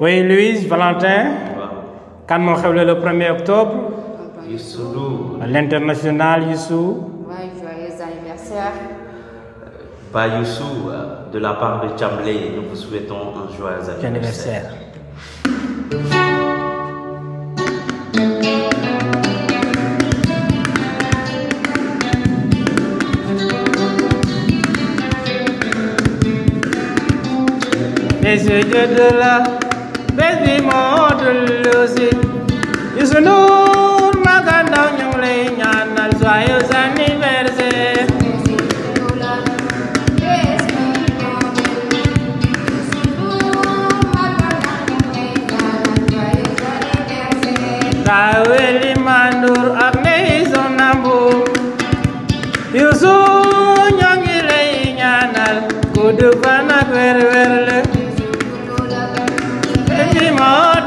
Oui, Louise, Valentin. Quand nous Khawle le 1er octobre. L'international Youssou. joyeux anniversaire. Youssou, hein, de la part de Chamley, nous vous souhaitons un joyeux anniversaire. اسجد له بدموت اللوسي يسنور ما akne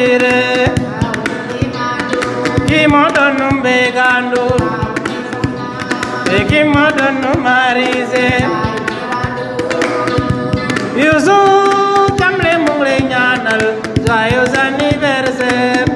ɓayire kimoɗon num ɓe gandu ɓe kimmoɗon num marise yusu kamle mumle ñanal joyeux anniversaire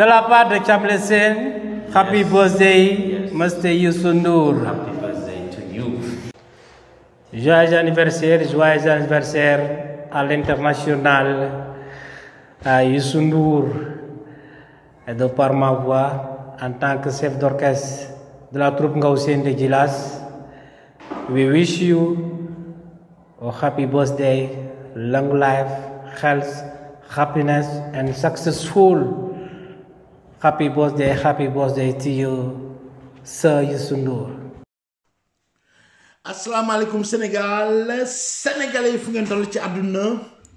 de la part de Chaplain happy birthday, Mr. Youssou Happy birthday to you. Joyeux anniversaire, joyeux anniversaire à l'international, à Youssou et de par ma voix, en tant que chef d'orchestre de la troupe Ngausen de Gilas, we wish you a happy birthday, long life, health, happiness and successful happy birthday Sénégal sénégalais fu ngeen toll ci àdduna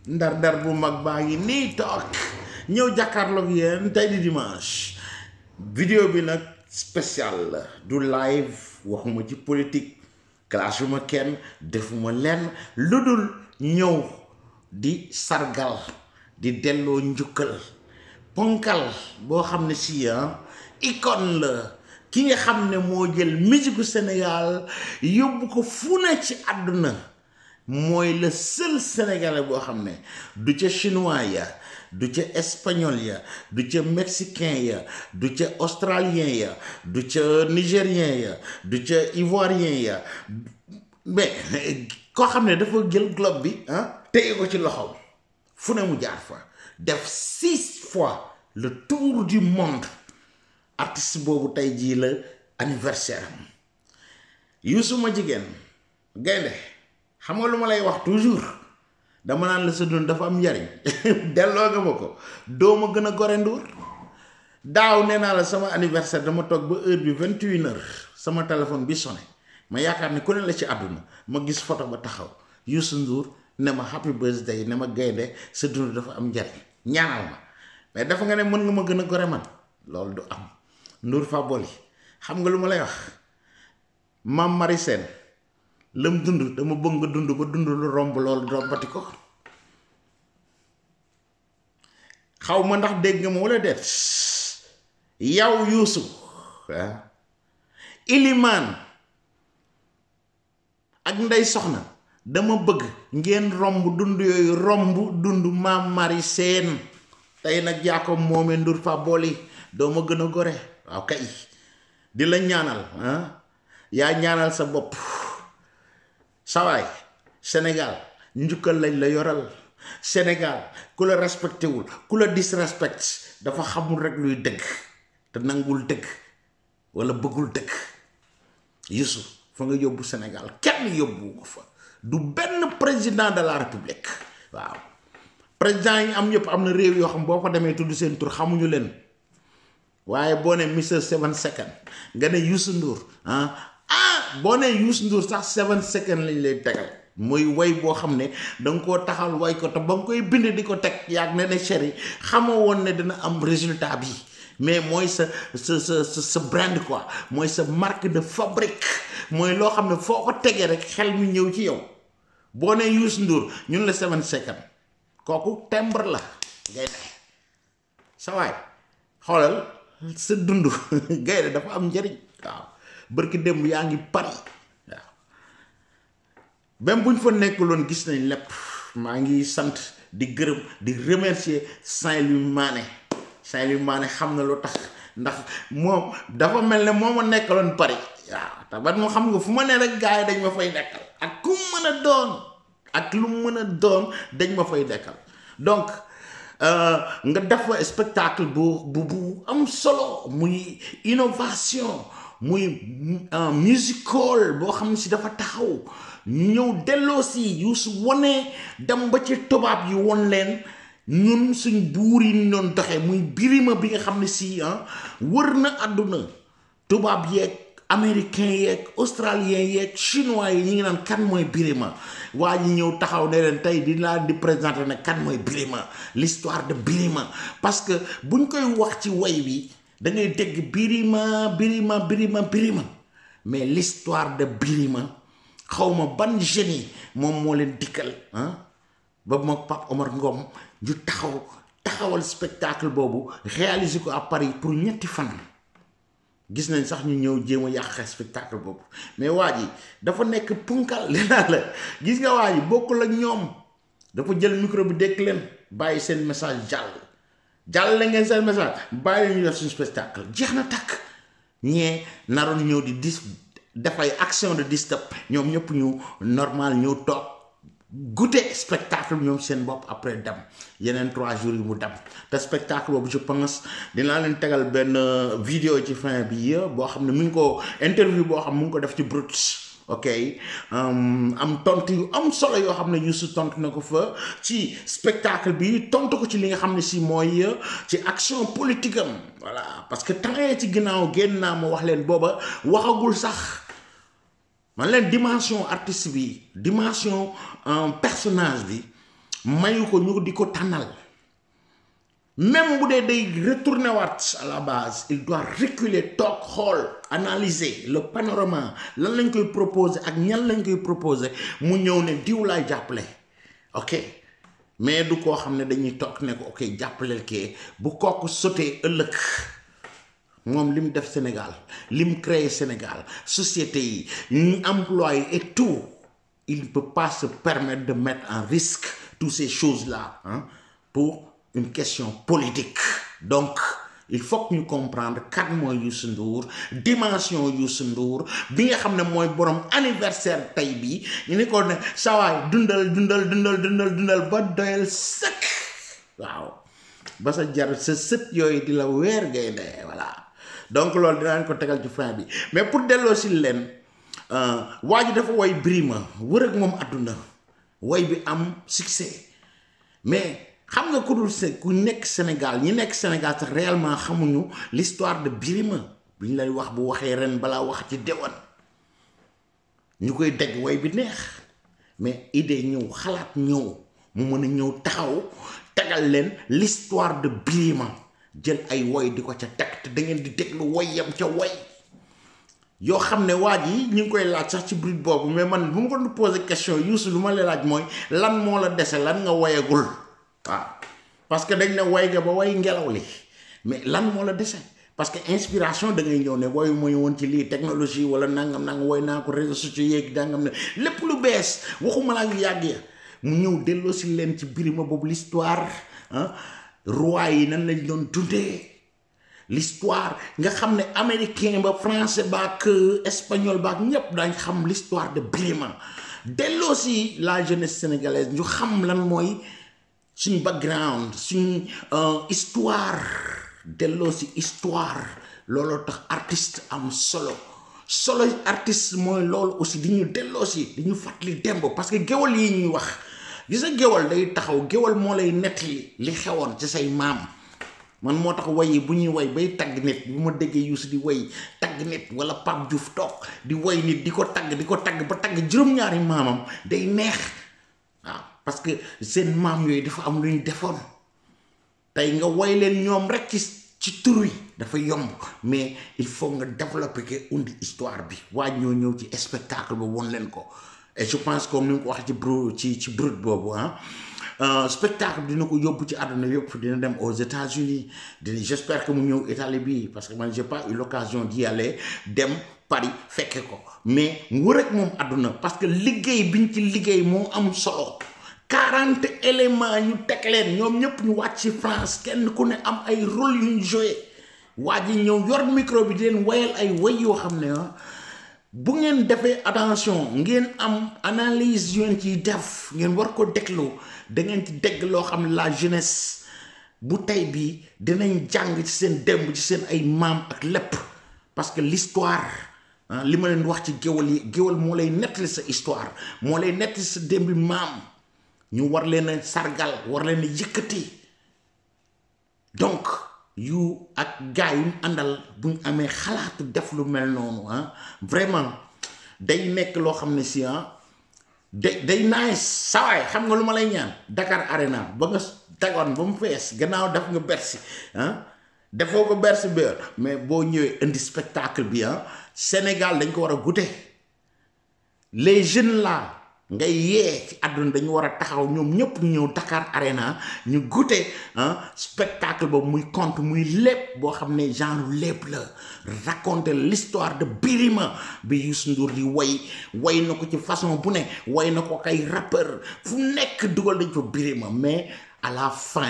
ndar ndar bu mag baa ngi nii toog ñëw jàkkaarloog yéen tey di dimanche vidéo bi nag spécial la du live waxuma ci politique classe ma kenn defuma lenn lu dul ñëw di sargal di delloo njukkal ponkal boo xam ne si ah, icône la ki nga xam ne moo jël musique Sénégal yóbbu ko fu ci àdduna mooy le seul sénégalais boo xam ne du ca chinois ya du ca espagnol ya du ca mexicain ya du ca australien ya du ca nigérien ya du ca ivoirien ya mais koo xam ne dafa jël globe bi ah téye ko ci loxoom fu mu jaar fa def fois le tour du monde artiste boobu tey jii la anniversaire am Youssou ma jigéen gaynde wah nga lay wax toujours dama naan la sa dund dafa am njariñ delloo nga ma ko doo gën a gore nduur daaw nee naa la sama anniversaire dama toog ba heure bi vingt heures sama téléphone bi sonné ma yaakaar ni ku ne la ci àdduna ma gis photo ba taxaw ne ma happy birthday ne ma gaynde sa dund dafa am njariñ ñaanal ma mais dafa nga ne mën nga ma gën a gore man loolu du am Nur fa boli xam nga lu ma lay wax maam mari lam dund dama bëgg nga dund ba dund lu romb loolu rombati ko xaw ma ndax dégg nga ma wala deet yow yuusu ah. ilimaan ak ndey soxna dama bëgg ngeen romb dund yooyu romb dund tay nag yaa ko ndur fa boli doo ma gën a gore kay di la ñaanal yaa ñaanal sa bopp sawaay senegal njukkal lañ la yoral senegal ku la respecté wul ku la disrespect dafa xamul rek luy dëgg te nangul dëgg wala bëggul dëgg Youssou fa nga yóbbu Sénégal kenn yóbbu ko fa du ben président de la république waaw président yi am yëpp am na réew yoo xam boo ko demee tudd seen tour xamuñu leen waaye boo ne Mr Seven Second nga ne Youssou Ndour ah ah boo ne Youssou Ndour sax Seven Second lañ lay tegal muy way boo xam ne danga koo taxal way ko te koy bind di ko teg yaag ne ne chéri xama woon ne dina am résultat bi mais mooy sa sa sa sa brand quoi mooy sa mooy loo xam ne foo ko tegee rek xel mi ñëw ci yow boo ne Youssou Ndour ñun la Seven Second kooku tembar la gaynde sawaay xoolal sa dund gaynde dafa am njariñ waaw bërki démb yaa ngi Paris waaw même bu ñu fa nekkuloon gis nañ lépp maa ngi sant di gërëm di remercier Saint-Louis Mané Saint-Louis Mané xam na lu tax ndax moom dafa mel ne moo ma nekkaloon Paris waaw tabat moo xam nga fu ma ne rek gars yi dañ ma fay nekkal ak ku mën a doon ak lu mën a doon dañ ma fay dekkal donc euh, nga def fa spectacle bu bu bu am solo muy innovation muy euh, musical boo xam ne si dafa taxaw ñu ñëw delloo si yu su wone dem ba ci tubaab yi won leen ñun suñ buur yi doon doxee muy birima bi nga xam ne si ah, wër na àdduna tubaab yeeg américain yeeg australien yeeg chinois yi ñu ngi naan kan mooy Birima waa ñi ñëw taxaw ne leen tey laa di présenter ne kan mooy Birima l'histoire de Birima parce que buñ koy wax ci way wi da ngay dégg Birima Birima Birima Birima mais l'histoire de Birima ma ban génie moom moo leen dikkal ah ba moog Pape Omar Ngom ñu taxaw taxawal spectacle boobu réaliser ko à Paris pour ñetti fan. gis nañ sax ñu ñëw jéem a yàq spectacle boobu mais waa ji dafa nekk punkal li la gis nga waa ji bokkul ak ñoom dafa jël micro bi dékk leen bàyyi seen message jàll jàll la ngeen seen message bàyyi ñu def suñu spectacle jeex na takk ñee naroon ñëw di dis dafay action de disturb ñoom ñëpp ñu normal ñëw toog goûter spectacle ñoom seen bop après dam yeneen trois jours yi mu spectacle boobu je pense dinaa leen ben video euh, vidéo ci fin bi boo xam mu ko interview boo xam mu ngi ko def ci brutus ok am tontu yu am solo yoo xam ne Youssou tontu na fa ci spectacle bi tontu ko ci li nga xam ne si euh, ci action politique am voilà parce que tawee ci ginnaaw génn naa ma wax leen booba waxagul sax man len dimension artiste bi dimension euh, personnage bi mayu ko ñu diko tanal même bu dee day retourner wat à la base il doit reculer talk hall analyser le panorama lan lañ koy proposer ak ñan lañ koy proposer mu ñew né diw lay jàppale ok mais du ko xamné dañuy tok né ko ok jàppaleel ké bu kooku sauter euleuk mom lim def Sénégal lim société yi et tout il ne peut pas se permettre de mettre en risque toutes ces choses-là hein, pour une question politique donc il faut que nous comprendre quatre mois dimension bi nga moy borom anniversaire tay bi ko ne dundal dundal dundal dundal dundal ba waaw ba sa jar la voilà donc loolu dinaa ko tegal ci fin bi mais pour delloo si leen euh, waa ji dafa woy Birima wër moom àdduna woy bi am succès mais xam nga ku dul se ku nekk Sénégal ñi nekk Sénégal sax réellement xamuñu l'histoire de Birima bi ñu lay wax bu waxee ren balaa wax ci dewan ñu koy dégg woy bi neex mais idée ñëw xalaat ñëw mu mën a ñëw taxaw tegal leen l'histoire de Birima jël ay woy di ko ca teg te da ngeen di déglu woyam ca woy yoo xam ne waaj yi ñu ngi koy laaj sax ci bruit boobu mais man bu ma ko nu posé question Youssou lu ma la laaj mooy lan moo la dese lan nga woyagul waaw parce que dañ ne woy nga woy ngelaw li mais lan moo la dese parce que inspiration da ngay ñëw ne woyu mooy woon ci lii technologie wala nangam nangam woy naa ko réseaux sociaux yeeg dangam ne lépp lu bees waxuma laa yu yàgg ya mu ñëw delloosi leen ci birima boobu l'histoire ah roi yi nan lañ doon dundee l'histoire nga xam ne américain ba français ba que espagnol ba ak ñëpp daañ xam l'histoire de Birima delloo si la jeunesse sénégalaise ñu xam lan mooy suñ background suñ euh, histoire delloo si histoire loolo tax artiste am solo solo artiste mooy loolu aussi di ñu delloo si di ñu fàttali démb parce que géwal yi ñuy wax gis nga géwal day taxaw géwal moo lay nettali li xewoon ci say maam man moo tax wayi bu ñuy way bay tagg nit bu ma déggee yuusu di way tag net, wala Pape Diouf toog di way nit di ko tagg di ko tagg ba tagg juróom-ñaari maamam day neex waaw parce que seen maam yooyu dafa am lu ñu defoon tey nga way leen ñoom rek ci ci tur dafa yomb mais il faut nga développer que undi histoire bi waaj ñoo ñëw ci spectacle ba won leen ko et je pense comme ni mu ko waxee ci brut ci ci brut boobu ah euh, spectacle dina ko yóbbu ci aduna yop dina dem aux États-Unis j'espère que mu ñeu Italie bi parce que man j'ai pas eu l'occasion d'y aller dem Paris fekke ko mais mu rek moom àdduna parce que liguey biñ ci liguey mo am solo. 40 éléments ñu tek leen ñom ñep ñu wacc ci France kenn ku ne am ay rôle ñu jouer wadi ñeu yor micro bi di leen wayal ay way yo xam ne ah, bu ngeen defee attention ngeen am analyse yu ngeen ciy def ngeen war ko déglu da ngeen ci dégg loo xam ne la jeunesse bu tey bi dinañ jàng ci seen démb ci seen ay maam ak lépp parce que l'histoire li ma leen wax ci géwal yi géwal moo lay nettali sa histoire moo lay nettali sa démbi maam ñu war leen a sargal war leen a yëkkati donc yu ak gars yu àndal buñ amee xalaatu def lu mel noonu ah vraiment day nekk loo xam ne si ah day day naay sawaay xam nga lu ma lay ñaan Dakar Arena ba nga tegoon ba mu fees gannaaw def nga bersi ah defoo ko Bercy bi mais boo ñëwee indi spectacle bi ah Sénégal dañ ko war a goûter les jeunes là ngay yé ci aduna dañu wara taxaw ñom ñëpp ñëw Dakar Arena ñu hein spectacle boobu muy conte muy lepp bo xamné genre lepp la raconter l'histoire de Birima bi Youssou Ndour di way way nako ci façon bu né way nako kay rappeur fu nekk dugal dañ fa Birima mais à la fin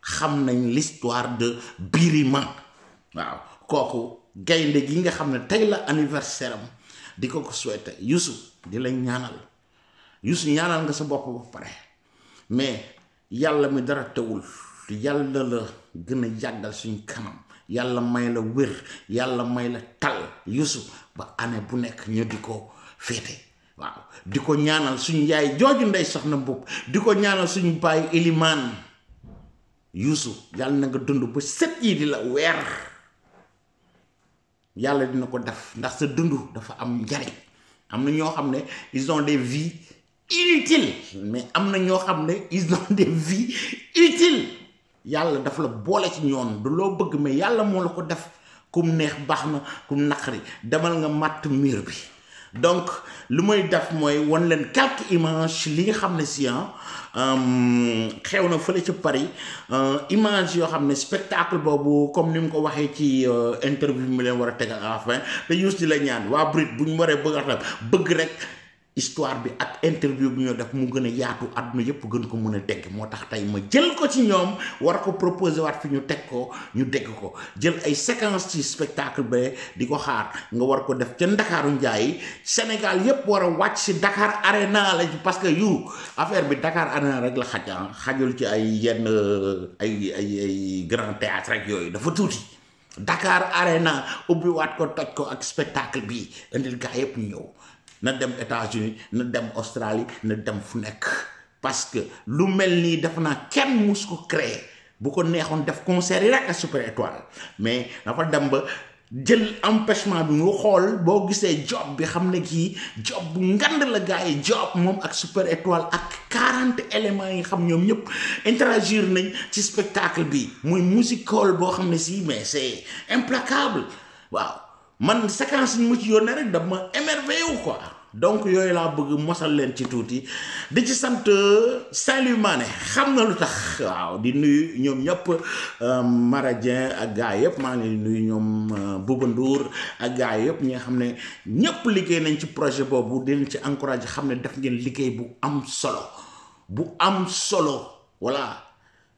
xam nañ l'histoire de Birima waaw koku gaynde gi nga xamné tay la anniversaire am di ko ko souhaiter Youssou di lañ ñaanal Youssou ñaanal nga sa bopp ba pare mais yàlla mi dara tewul yàlla la gën a yàggal suñ kanam yàlla may la wér yàlla may la tal Youssou ba année bu nekk ñu di ko féete waaw di ko ñaanal suñ yaay jooju ndey soxna mbubb di ko ñaanal suñ bàyyi Elimaan Youssou yàlla na nga dund ba set yi di la weer yàlla dina ko def ndax sa dund dafa am njariñ am na ñoo xam ne ils ont des inutile mais am na ñoo xam ne ils ont des vies yàlla daf la boole ci ñoon du loo bëgg mais yàlla moo la ko def kum neex baax na kum naqari demal nga màtt mur bi donc lu may def mooy wan leen quelques images li nga xam ne si euh, xew na fële ci Paris euh, image yoo xam ne spectacle boobu comme ni mu ko waxee ci euh, interview mi leen war a tegal à la fin te Youssou di la ñaan waa Brit bu ñu waree bëgg a bëgg rek. histoire bi ak interview bi ñoo def mu gën a yaatu àdduna yëpp gën ko mën a dégg moo tax tey ma jël ko ci ñoom war ko proposé waat fi ñu teg ko ñu dégg ko jël ay séquence ci spectacle ba di ko xaar nga war ko def ca Ndakaaru Njaay Sénégal yëpp war a wàcc si Dakar Arena la parce que yu affaire bi Dakar Arena rek la xaj ah, xajul ci ay yenn euh, ay ay ay grand théâtre rek yooyu dafa tuuti dakaar Arena ubbi waat ko toj ko ak spectacle bi indil gaa yëpp ñëw na dem États-Unis na dem Australie na dem fu nekk parce que lu mel nii dafa naa kenn mus ko créer bu ko neexoon def concert yi rek ak super étoile mais dafa dem ba jël empêchement bi mu xool boo gisee job bi xam ne kii job bu ngand moom ak super ak quarante éléments yi xam ñoom ñëpp interagir nañ ci spectacle bi muy musical boo xam ne si mais c'est implacable waaw man séquence yi mu ci yónnee rek daf ma émerveillé wu donc yooyu laa bëgg mosal leen ci tuuti di ci sant Saint-Louis Mané xam na lu tax waaw di nuyu ñoom ñëpp euh, Maradien ak gars yëpp maa ngi nuyu ñoom euh, Bouba Ndour ak gars yëpp ñi nga xam ne ñëpp liggéey nañ ci projet boobu di ci encouragé xam ne def ngeen liggéey bu am solo bu am solo voilà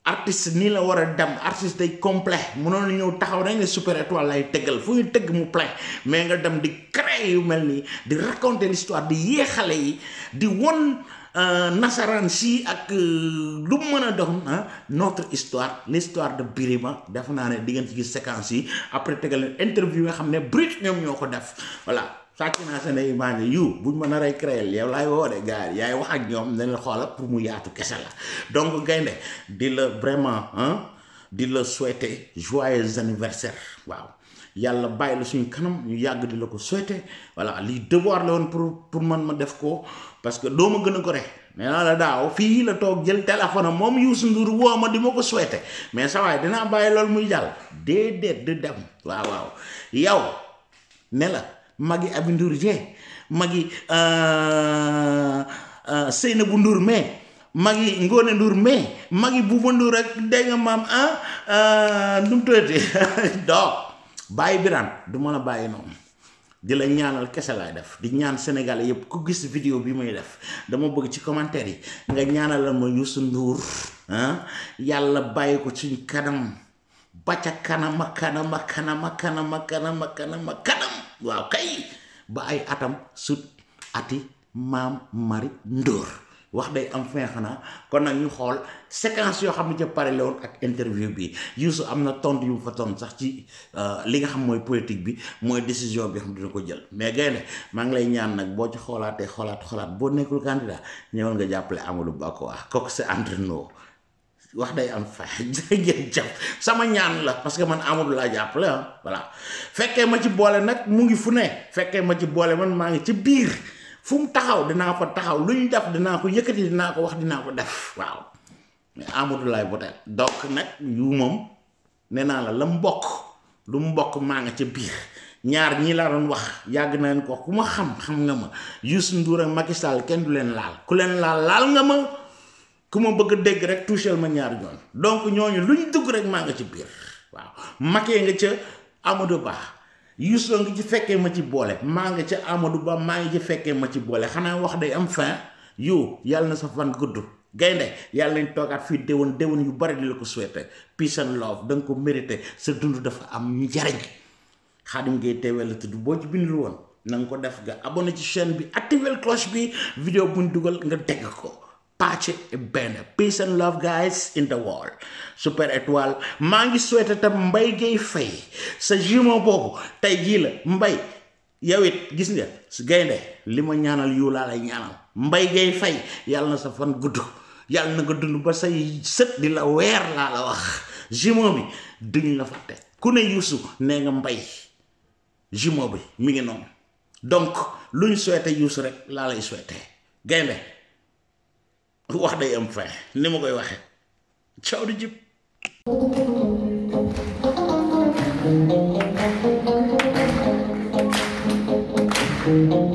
artiste nii la war a dem artiste day complet mënoon ñëw taxaw dañ ne super étoile lay tëggal fu ñu tëgg mu plein mais nga dem di créer yu mel nii di raconter l'histoire di yéexale yi di won euh, nasaraan si ak euh, lu mën a doon notre histoire l'histoire de Birima def naa ne di ngeen ci gis séquence yi après tëggal interview nga xam ne brut ñoom ñoo ko def voilà sàcc naa seen ay image yu buñ ma nar a créer yow laay woo de gars yaay wax ak ñoom dañ la xoolal pour mu yaatu kese la donc gaynde di la vraiment ah di la souhaiter joyeux anniversaire waaw yàlla bàyyi la suñu kanam ñu yàgg di la ko souhaiter voilà lii devoir la woon pour pour man ma def ko parce que doo ma gën a ko rek nee naa la daaw fii la toog jël téléphone moom Youssou Ndour woo ma di ma ko souhaiter mais sa waay dinaa bàyyi loolu muy jàll déedéet di dem waaw mag yi magi Aby Ndour Dieng magi euh, euh, Seynabou Ndour mais magi Ngone Ndour mais magi Bouba Ndour ak dégg nga maam ah euh, nu mu tuddati donc bàyyi Birane du ma la bàyyi noonu. di la ñaanal kese laay def di ñaan Sénégal yëpp ku gis video bi muy def dama bëgg ci commentaire yi nga ñaanal ma Youssou Ndour ah yàlla bàyyi ko ci kanam. baca kanam makana makana makana makana makana makana waaw kay ba ay atam sud ati maam mari ndóor wax day am fin xanaa kon nag ñu xool séquence yoo xam ne ca pare ak interview bi Youssou amna na tontu yu mu fa tontu sax ci eh, li nga xam mooy politique bi mooy décision bi xam dina ko jël mais gaynde maa ngi lay ñaan nag boo ci xoolaatee xoolaat xoolaat boo nekkul candidat ñëwal nga jàppale Amadou Ba ko ah c'est entre nous wax day am fa ngeen sama ñaan la parce que man amul laa jàppale ah voilà fekkee ma ci boole nag mu ngi fu ne fekkee ma ci boole man maa ngi ca biir fu mu taxaw dinaa ko taxaw lu ñu def dinaa ko yëkkati dinaa ko wax dinaa ko def waaw mais laay Laye Botel donc nag yu moom nee naa la la mbokk lu mbokk maa ngi ca biir ñaar ñii laa doon wax yàgg nañ ko ku ma xam xam nga ma Youssou Ndour ak Macky Sall kenn du leen laal ku leen laal laal nga ma. ku ma bëgg dégg rek touchel ma ñaar ñoon donc ñooñu luñ dugg rek maa nga ci biir waaw makee nga ca amadou ba yuusoo nga ci fekkee ma ci boole maa nga ca amadou ba maa ngi ci fekkee ma ci boole xanaa wax day am fin yu yàlla na sa fan gudd gaynde yàlla nañ toogaat fii déwén déwén yu bari di la ko souhaité peace and love da nga ko mérité sa dund dafa am njariñ xaadim ngay teewee la tudd boo ci bindul woon na nga ko def nga abonné ci chaîne bi activé cloche bi vidéo buñ dugal nga dégg ko pace e bene peace and love guys in the world super étoile maa ngi souhaité tam mbay Gueye fay sa jumeau boobu tey jii la mbay yow it gis nga su gaynde li ma ñaanal yu laa lay ñaanal Mbaye Gueye Faye yàlla na sa fan gudd yàlla na nga dund ba sa sët di la weer laa la wax jumeau bi duñ la fàtte ku ne yuusu nee nga Mbaye jumeau bi mu ngi noonu donc luñ souhaité yuusu rek laa lay souhaité gaynde wax day am fin ni ma koy waxe caw di jib thank you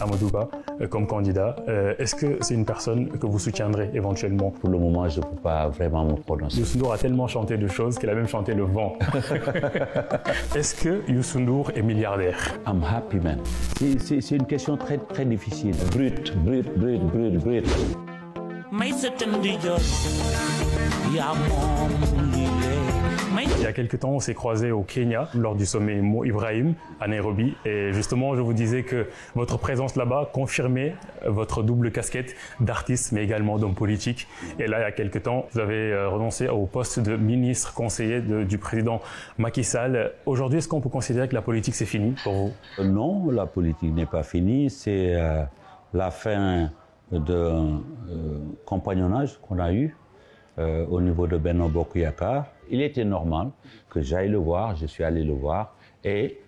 Amadouba euh, comme candidat. Euh, est-ce que c'est une personne que vous soutiendrez éventuellement Pour le moment, je ne peux pas vraiment me prononcer. Youssou a tellement chanté de choses qu'elle a même chanté le vent. Est-ce que Youssou est milliardaire I'm happy man. C'est une question très très difficile. Brut, brut, brut, brut, brut. Il y a quelques temps, on s'est croisé au Kenya lors du sommet Mo Ibrahim à Nairobi. Et justement, je vous disais que votre présence là-bas confirmait votre double casquette d'artiste, mais également d'homme politique. Et là, il y a quelques temps, vous avez euh, renoncé au poste de ministre conseiller du président Macky Sall. Aujourd'hui, est-ce qu'on peut considérer que la politique, c'est fini pour vous euh, Non, la politique n'est pas finie. C'est euh, la fin d'un compagnonnage qu'on a eu euh, au niveau de beno Bokuyaka. Il était normal que j'aille le voir, je suis allé le voir et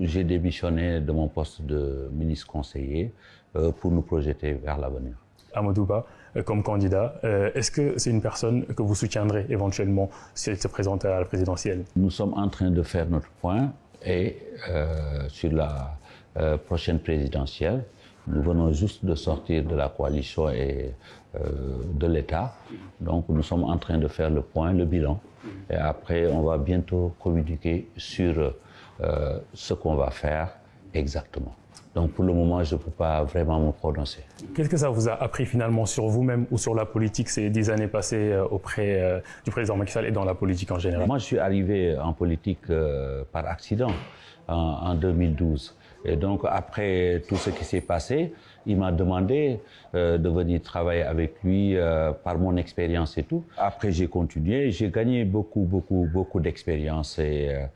j'ai démissionné de mon poste de ministre conseiller euh, pour nous projeter vers l'avenir. Amadouba, euh, comme candidat, est-ce que c'est une personne que vous soutiendrez éventuellement si elle se présente à la présidentielle Nous sommes en train de faire notre point et sur la prochaine présidentielle, nous venons juste de sortir de la coalition et euh, de l'État. Donc nous sommes en train de faire le point, le bilan. Et après, on va bientôt communiquer sur euh, ce qu'on va faire exactement. Donc pour le moment, je ne peux pas vraiment me prononcer. Qu'est-ce que ça vous a appris finalement sur vous-même ou sur la politique ces dix années passées euh, auprès du président Macky Sall et dans la politique en général Moi, je suis arrivé en politique par accident en, 2012. Et donc après tout ce qui s'est passé, il m'a demandé euh, de venir travailler avec lui euh, par mon expérience et tout. Après, j'ai continué. J'ai gagné beaucoup, beaucoup, beaucoup d'expérience et, euh,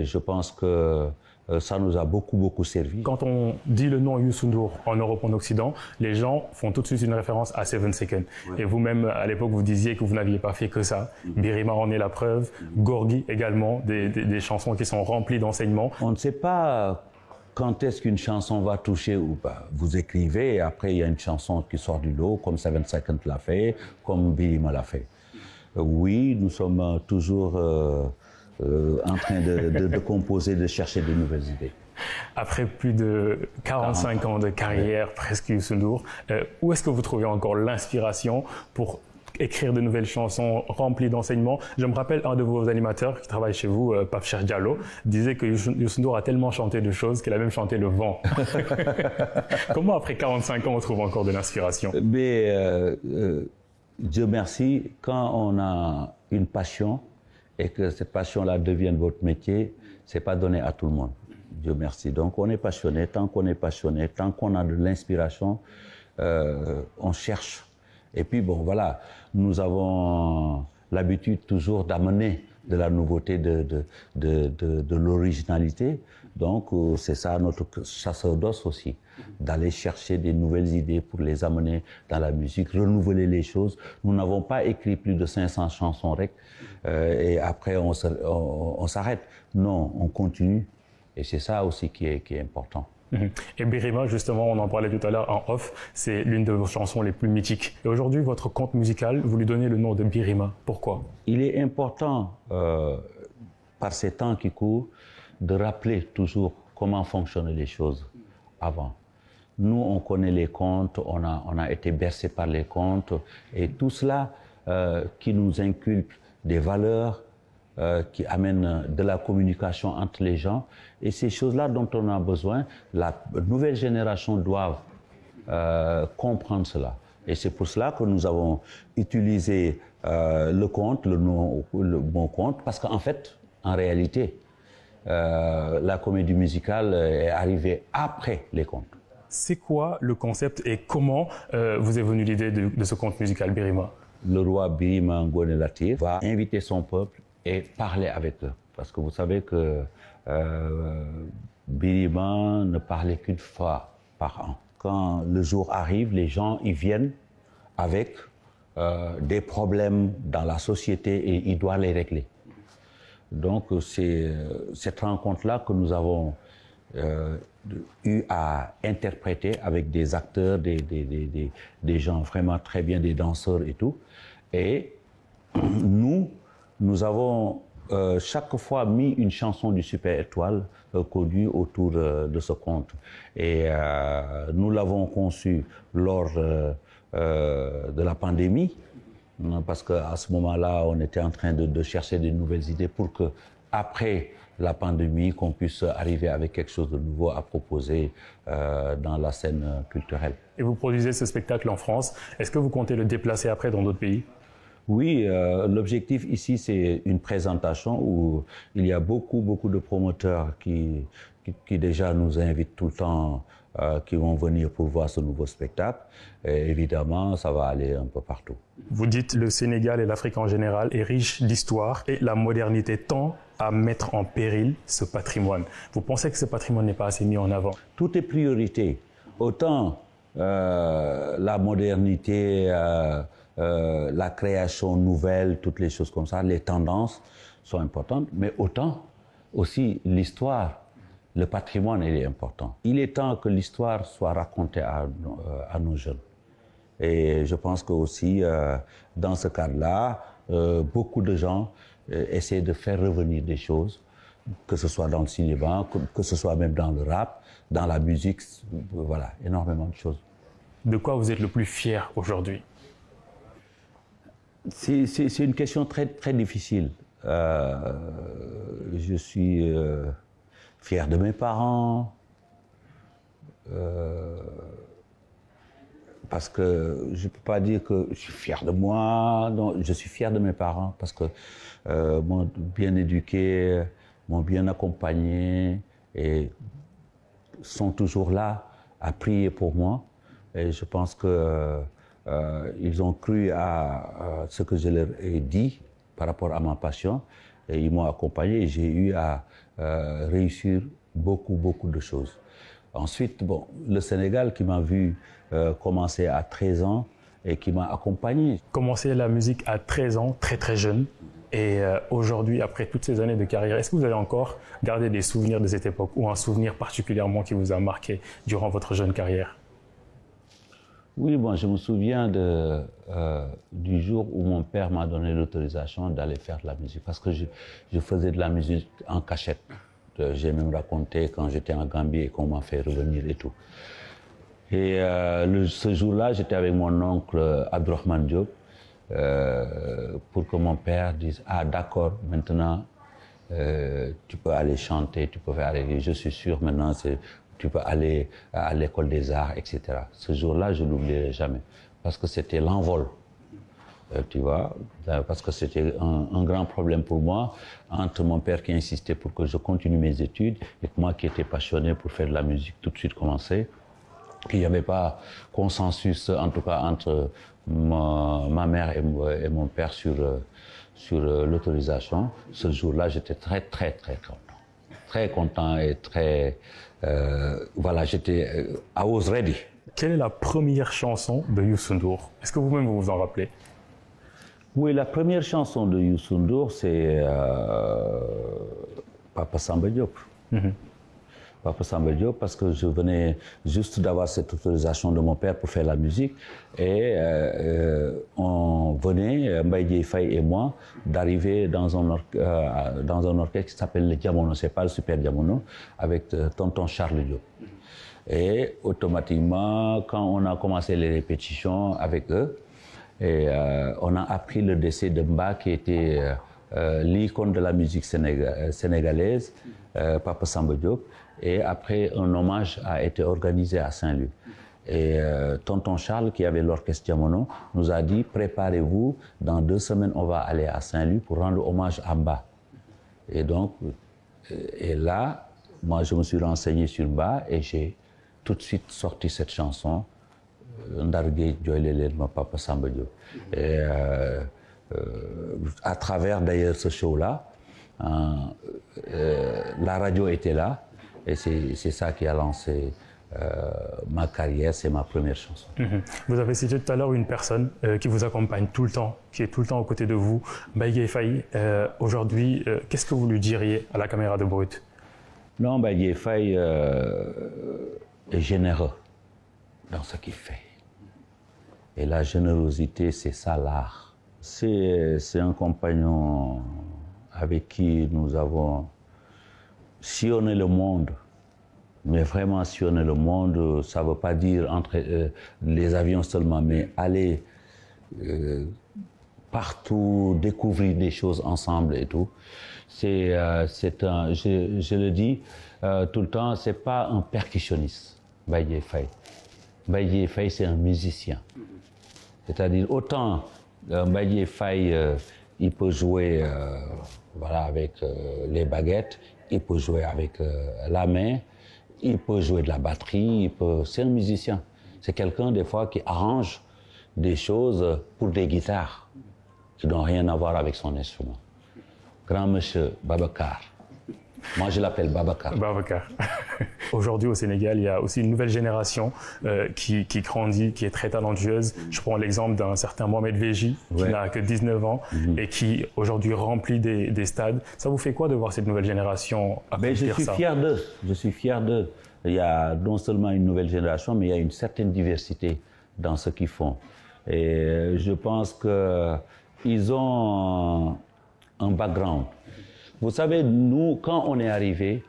euh, je pense que euh, ça nous a beaucoup, beaucoup servi. Quand on dit le nom Youssou en Europe, en Occident, les gens font tout de suite une référence à Seven Seconds. Et vous-même, à l'époque, vous disiez que vous n'aviez pas fait que ça. Mm. Birima en est la preuve, Gorghi mm. Gorgi également, des, des, des chansons qui sont remplies d'enseignements. On ne sait pas quand est-ce qu'une chanson va toucher ou pas Vous écrivez et après il y a une chanson qui sort du lot, comme Seven Seconds l'a fait, comme Billy l'a fait. Euh, oui, nous sommes euh, toujours euh, en train de, composer, de chercher de nouvelles idées. Après plus de 45 ans de carrière, presque Youssou euh, où est-ce que vous trouvez encore l'inspiration pour écrire de nouvelles chansons remplies d'enseignements. Je me rappelle un de vos animateurs qui travaille chez vous, euh, Diallo, disait que Youssou a tellement chanté de choses qu'il a même chanté le vent. Comment après 45 ans on trouve encore de l'inspiration Mais euh, euh, Dieu merci, quand on a une passion et que cette passion-là devienne votre métier, c'est pas donné à tout le monde. Dieu merci. Donc on est passionné, tant qu'on est passionné, tant qu'on a de l'inspiration, euh, on cherche. Et puis bon, voilà nous avons l'habitude toujours d'amener de la nouveauté, de, de, de, l'originalité. Donc, euh, c'est ça notre chasseur d'os aussi, d'aller chercher des nouvelles idées pour les amener dans la musique, renouveler les choses. Nous n'avons pas écrit plus de 500 chansons rec, euh, et après on s'arrête. Non, on continue. Et c'est ça aussi qui est, qui est important. Mhm. Et Birima, justement, on en parlait tout à l'heure en off, c'est l'une de vos chansons les plus mythiques. Et aujourd'hui, votre compte musical, vous lui donnez le nom de Birima. Pourquoi Il est important, euh, par ces temps qui courent, de rappeler toujours comment fonctionnaient les choses avant. Nous, on connaît les contes, on a, été bercé par les contes, et tout cela euh, qui nous inculque des valeurs, euh, qui amène euh, de la communication entre les gens. Et ces choses-là dont on a besoin, la nouvelle génération doit euh, comprendre cela. Et c'est pour cela que nous avons utilisé le conte, le, le, bon conte, parce qu'en fait, en réalité, la comédie musicale est arrivée après les contes. C'est quoi le concept et comment vous est venue l'idée de, ce conte musical Birima Le roi Birima Ngonelati va inviter son peuple et parler avec eux. Parce que vous savez que euh, ne parlait qu'une fois par an. Quand le jour arrive, les gens, ils viennent avec euh, des problèmes dans la société et ils doivent les régler. Donc c'est euh, cette rencontre-là que nous avons euh, eu à interpréter avec des acteurs, des, des, des, des gens vraiment très bien, des danseurs et tout. Et nous, nous avons euh, chaque fois mis une chanson du Super Étoile euh, connue autour euh, de ce conte. Et nous l'avons conçu lors de la pandémie, hein, parce qu'à ce moment-là, on était en train de, de, chercher des nouvelles idées pour que, après la pandémie, qu'on puisse arriver avec quelque chose de nouveau à proposer dans la scène culturelle. Et vous produisez ce spectacle en France. Est-ce que vous comptez le déplacer après dans d'autres pays oui, euh, l'objectif ici, c'est une présentation où il y a beaucoup, beaucoup de promoteurs qui, qui, qui déjà nous invitent tout le temps, euh, qui vont venir pour voir ce nouveau spectacle. Et évidemment, ça va aller un peu partout. Vous dites le Sénégal et l'Afrique en général est riche d'histoire et la modernité tend à mettre en péril ce patrimoine. Vous pensez que ce patrimoine n'est pas assez mis en avant Tout est priorité. Autant euh, la modernité, euh, euh, la création nouvelle, toutes les choses comme ça, les tendances sont importantes, mais autant aussi l'histoire, le patrimoine, est important. Il est temps que l'histoire soit racontée à, euh, nos jeunes. Et je pense que aussi, euh, dans ce cadre-là, beaucoup de gens essaient de faire revenir des choses, que ce soit dans le cinéma, que ce soit même dans le rap, dans la musique, voilà, énormément de choses. De quoi vous êtes le plus fier aujourd'hui c'est une question très, très difficile. Euh, je suis euh, fier de mes parents. Euh, parce que je ne peux pas dire que je suis fier de moi, je suis fier de mes parents parce que m'ont bien éduqué, m'ont bien accompagné et sont toujours là à prier pour moi. Et je pense que euh, ils ont cru à, ce que je leur ai dit par rapport à ma passion et ils m'ont accompagné. J'ai eu à euh, réussir beaucoup, beaucoup de choses. Ensuite, bon, le Sénégal qui m'a vu euh, commencer à 13 ans et qui m'a accompagné. Commencer la musique à 13 ans, très très jeune. Et aujourd'hui, après toutes ces années de carrière, est-ce que vous avez encore gardé des souvenirs de cette époque ou un souvenir particulièrement qui vous a marqué durant votre jeune carrière oui, bon, je me souviens euh, du jour où mon père m'a donné l'autorisation d'aller faire de la musique, parce que je, faisais de la musique en cachette. Euh, j'ai même raconté quand j'étais en Gambie et qu'on m'a fait revenir et tout. Et euh, ce jour-là, j'étais avec mon oncle Abdurrahman Diop pour que mon père dise Ah, d'accord, maintenant tu peux aller chanter, tu peux faire. Je suis sûr maintenant, c'est tu peux aller à l'école des arts, etc. Ce jour-là, je l'oublierai jamais, parce que c'était l'envol. Euh, tu vois, euh, parce que c'était un, grand problème pour moi entre mon père qui insistait pour que je continue mes études et moi qui étais passionné pour faire de la musique tout de suite commencer, Il n'y avait pas consensus en tout cas entre ma, mère et, mon père sur, euh, sur l'autorisation. Ce jour-là, j'étais très très très content content et très. Euh, voilà, j'étais. à euh, was ready. Quelle est la première chanson de Youssou Est-ce que vous-même vous en rappelez Oui, la première chanson de Youssou c'est euh, Papa Samba Diop. Mm-hmm. Papa Samuel Diop, parce que je venais juste d'avoir cette autorisation de mon père pour faire la musique. Et euh, euh, on venait, euh, Mbaye Faye et moi, d'arriver dans, un dans un orchestre qui s'appelle le Diamono, c'est pas le Super Diamono, avec tonton Charles Diop. Et automatiquement, quand on a commencé les répétitions avec eux, et, on a appris le décès de Mba qui était l'icône de la musique sénégalaise, Papa Samba Diop. Et après, un hommage a été organisé à saint luc Et euh, tonton Charles, qui avait l'orchestre nom nous a dit préparez-vous, dans deux semaines, on va aller à saint luc pour rendre hommage à Mba. Et donc, euh, et là, moi, je me suis renseigné sur Mba et j'ai tout de suite sorti cette chanson, euh, Ndargué ma papa Samba Et à travers d'ailleurs ce show-là, hein, la radio était là. Et c'est ça qui a lancé euh, ma carrière, c'est ma première chanson. Mhm. Vous avez cité tout à l'heure une personne euh, qui vous accompagne tout le temps, qui est tout le temps aux côtés de vous, Baye Faye. Euh, aujourd'hui, qu'est-ce que vous lui diriez à la caméra de Brut Non, Baye Faye est généreux dans ce qu'il fait. Et la générosité, c'est ça l'art. C'est un compagnon avec qui nous avons si on est le monde, mais vraiment si on est le monde, ça ne veut pas dire entre euh, les avions seulement, mais aller euh, partout, découvrir des choses ensemble et tout. C'est, euh, c'est un, je, le dis tout le temps, c'est pas un percussionniste, Baye Faye. Baye Faye, c'est un musicien. C'est-à-dire, autant Baye Faye, il peut jouer voilà, avec les baguettes, il peut jouer avec euh, la main, il peut jouer de la batterie, il peut... c'est un musicien. C'est quelqu'un des fois qui arrange des choses pour des guitares qui n'ont rien à voir avec son instrument. Grand monsieur Babacar, moi, je l'appelle Babacar. Babacar. Aujourd'hui, au Sénégal, il y a aussi une nouvelle génération euh, qui, grandit, qui est très talentueuse. Je prends l'exemple d'un certain Mohamed Véji, qui n'a que 19 ans mhm. et qui aujourd'hui remplit des, stades. Ça vous fait quoi de voir cette nouvelle génération Mais ben, je suis fier d'eux. Je suis fier d'eux. Il y a non seulement une nouvelle génération, mais il y a une certaine diversité dans ce qu'ils font. Et euh, je pense qu'ils ont un background vous savez, nous, quand on est arrivé,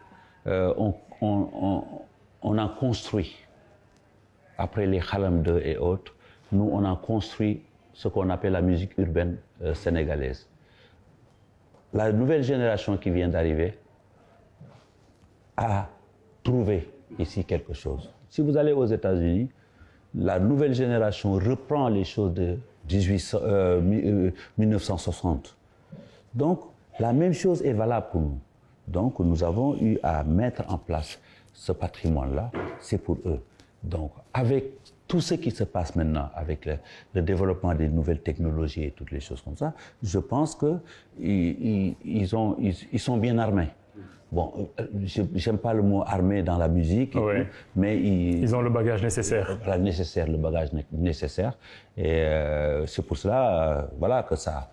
euh, on, a construit, après les Khalam 2 et autres, nous, on a construit ce qu'on appelle la musique urbaine euh, sénégalaise. La nouvelle génération qui vient d'arriver a trouvé ici quelque chose. Si vous allez aux États-Unis, la nouvelle génération reprend les choses de 18, 1960. Euh, Donc, la même chose est valable pour nous. Donc nous avons eu à mettre en place ce patrimoine-là, c'est pour eux. Donc avec tout ce qui se passe maintenant avec le, développement des nouvelles technologies et toutes les choses comme ça, je pense qu'ils ils, ils, sont bien armés. Bon, euh, j'aime pas le mot armé dans la musique, mais ils, ont le bagage nécessaire. Euh, nécessaire, le bagage nécessaire. Et euh, c'est pour cela, voilà, que ça,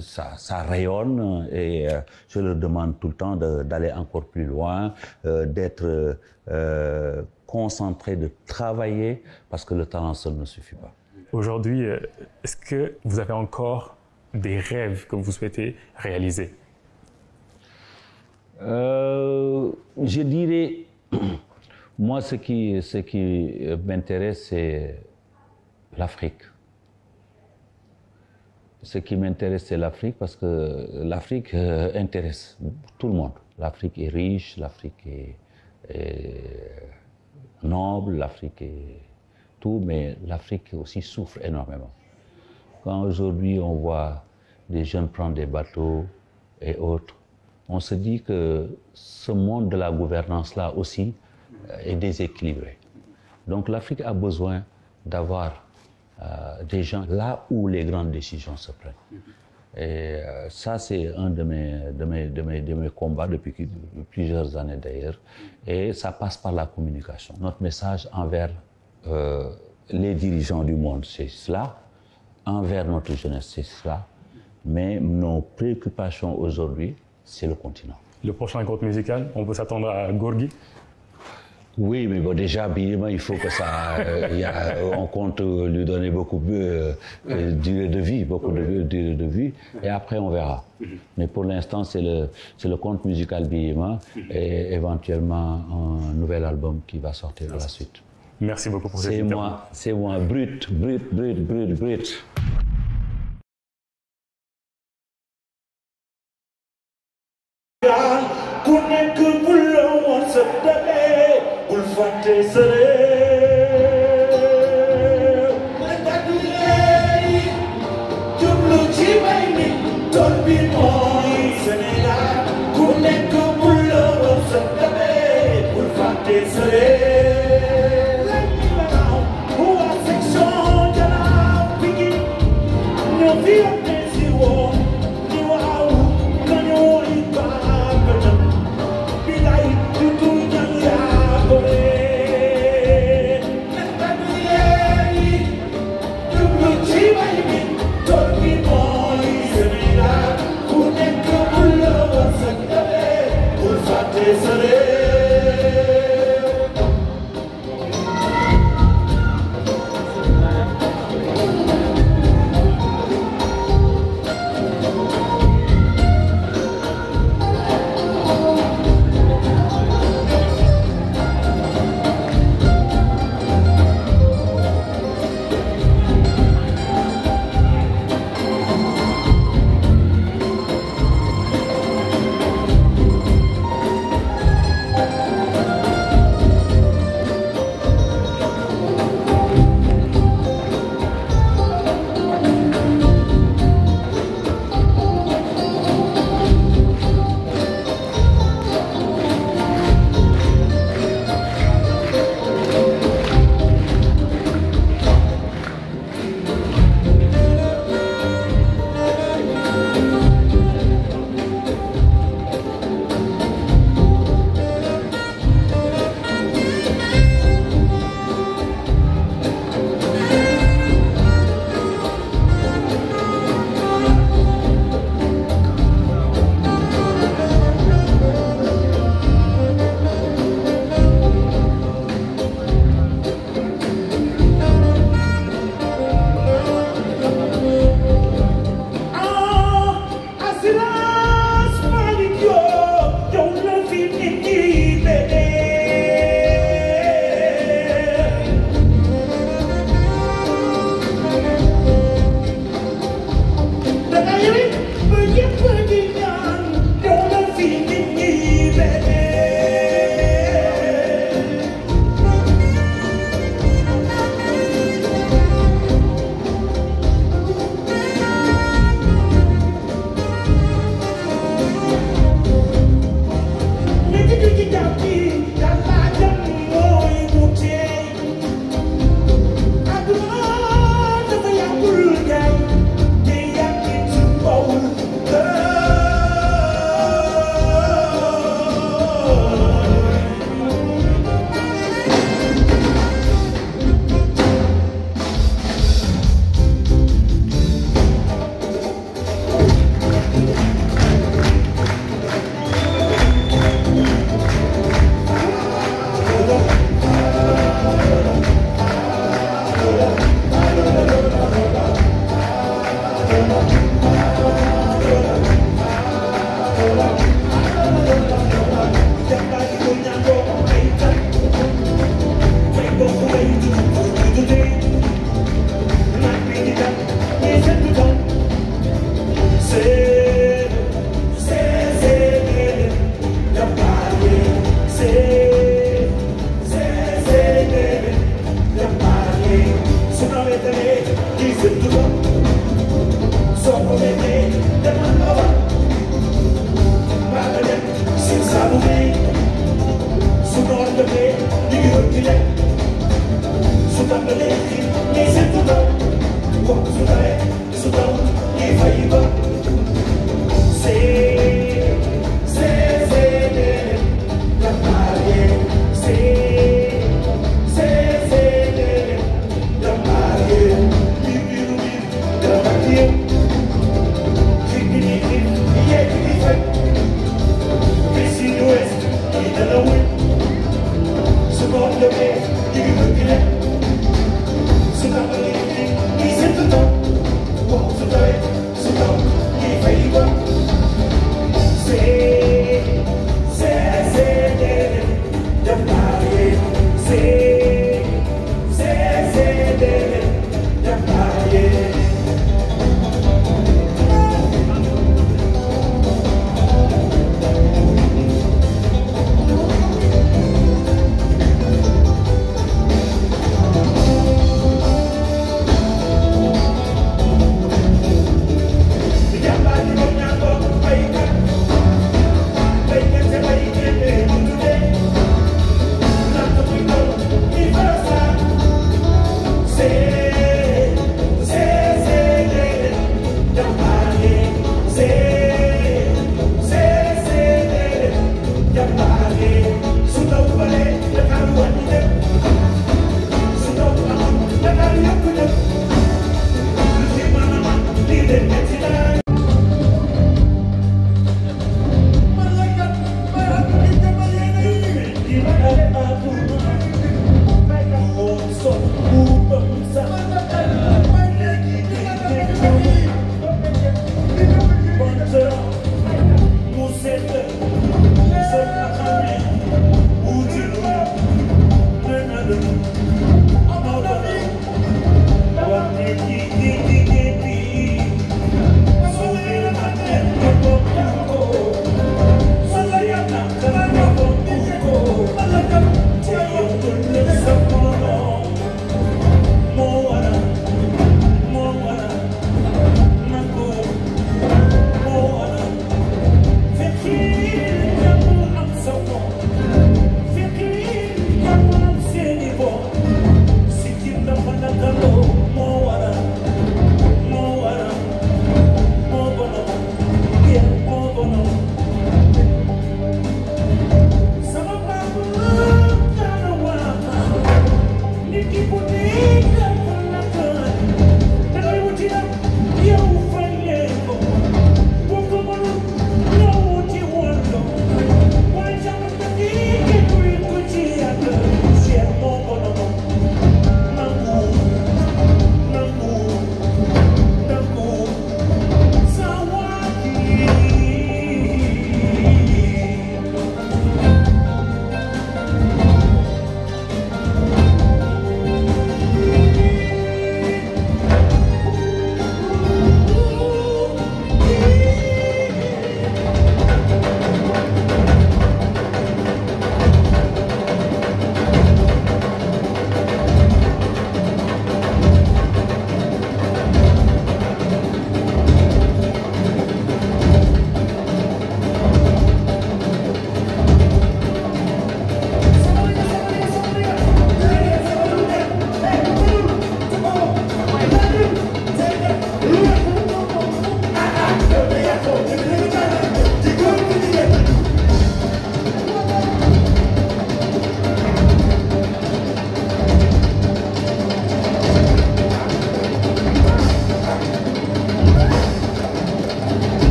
ça, rayonne et euh, je leur demande tout le temps d'aller encore plus loin, euh, d'être euh, concentré, de travailler, parce que le talent seul ne suffit pas. Aujourd'hui, est-ce que vous avez encore des rêves que vous souhaitez réaliser Je dirais, moi, ce qui m'intéresse, c'est l'Afrique ce qui m'intéresse, c'est l'Afrique parce que l'Afrique euh, intéresse tout le monde. L'Afrique est riche, l'Afrique est, noble, l'Afrique est tout, mais l'Afrique aussi souffre énormément. Quand aujourd'hui on voit des jeunes prendre des bateaux et autres, on se dit que ce monde de la gouvernance-là aussi euh, est déséquilibré. Donc l'Afrique a besoin d'avoir euh, des gens là où les grandes décisions se prennent. Mhm. Et euh, ça, c'est un de mes, de mes, de mes, de mes combats depuis plusieurs années d'ailleurs. Et ça passe par la communication. Notre message envers euh, les dirigeants du monde, c'est cela. Envers notre jeunesse, c'est cela. Mais nos préoccupations aujourd'hui, c'est le continent. Le prochain groupe musical, on peut s'attendre à Gorgi oui, mais déjà, il faut que ça. Euh, on compte lui donner beaucoup euh, euh, de de vie, beaucoup de durée de, vie, et après, on verra. Mhm. Mais pour l'instant, c'est le, le compte musical habillement mhm. et éventuellement un nouvel album qui va sortir par la suite. Merci beaucoup pour cette C'est moi, c'est moi, brut, brut, brut, brut, brut.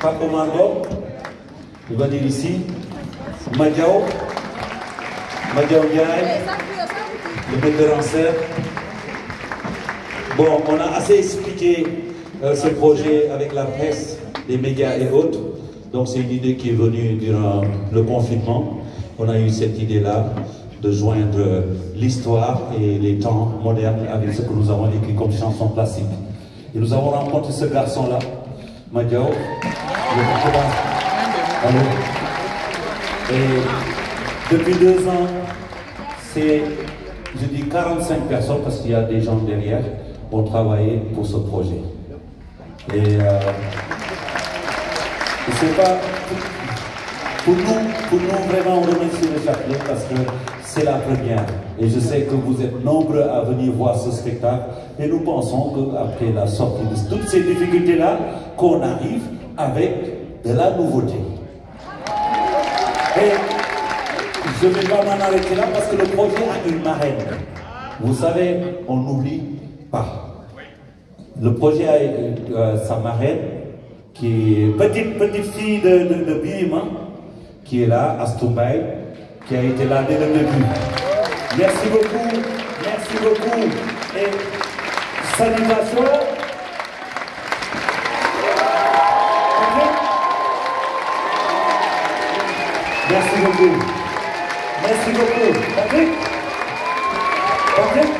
Paco Margot, il va dire ici, Madiao, Madiao le metteur en serre. Bon, on a assez expliqué euh, ce projet avec la presse, les médias et autres. Donc c'est une idée qui est venue durant le confinement. On a eu cette idée-là de joindre l'histoire et les temps modernes avec ce que nous avons écrit comme chanson classique. Et nous avons rencontré ce garçon-là, Madjao, le allez. Et depuis deux ans, c'est, je dis 45 personnes parce qu'il y a des gens derrière, ont travaillé pour ce projet. Et euh, sais pas. Pour nous, pour nous, vraiment, on remercie le chapelet parce que c'est la première. Et je sais que vous êtes nombreux à venir voir ce spectacle. Et nous pensons qu'après la sortie de toutes ces difficultés-là, qu'on arrive avec de la nouveauté. Et je ne vais pas m'en arrêter là parce que le projet a une marraine. Vous savez, on n'oublie pas. Le projet a euh, sa marraine, qui est petite, petite fille de, de, Bim, hein, qui est là, à Stumbay qui a été là dès le début. Merci beaucoup, merci beaucoup. Et salutations. Merci beaucoup. Merci beaucoup.